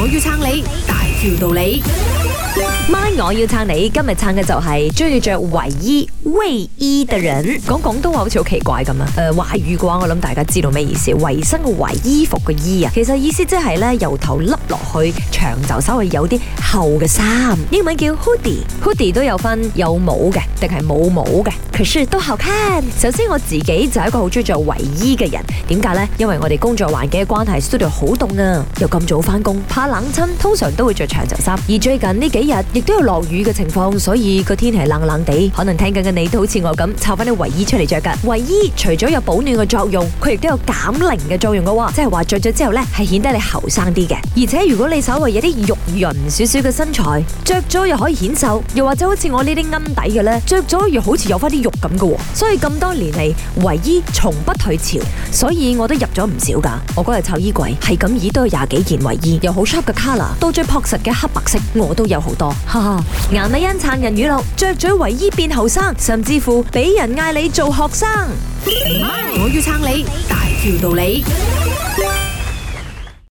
我要撐你。條道理，媽，我要撐你。今日撐嘅就係中意着衛衣、衛衣嘅人。講廣東話好似好奇怪咁啊！誒、呃，華語嘅話，我諗大家知道咩意思？衛生嘅衛，衣服嘅衣啊，其實意思即係咧由頭笠落去長袖，稍微有啲厚嘅衫。英文叫 hoodie，hoodie Hoodie 都有分有帽嘅，定係冇帽嘅，佢都好看。首先我自己就係一個好中意着衛衣嘅人，點解咧？因為我哋工作環境嘅關係，studio 好凍啊，又咁早返工，怕冷親，通常都會着。長袖衫，而最近呢幾日亦都有落雨嘅情況，所以個天氣係冷冷地，可能聽緊嘅你都好似我咁，摷翻啲衛衣出嚟着噶。衛衣除咗有保暖嘅作用，佢亦都有減齡嘅作用噶，即係話着咗之後咧，係顯得你後生啲嘅。而且如果你稍微有啲肉潤少少嘅身材，着咗又可以顯瘦，又或者好似我呢啲奀底嘅咧，着咗又好似有翻啲肉咁喎。所以咁多年嚟，衛衣從不退潮，所以我都入咗唔少噶。我嗰日湊衣櫃係咁，以都有廿幾件衛衣，又好 sharp 嘅 color，嘅黑白色，我都有好多。哈哈，顏麗欣撐人語錄，着咗衛衣變後生，甚至乎俾人嗌你做學生，我要撐你，大條道理。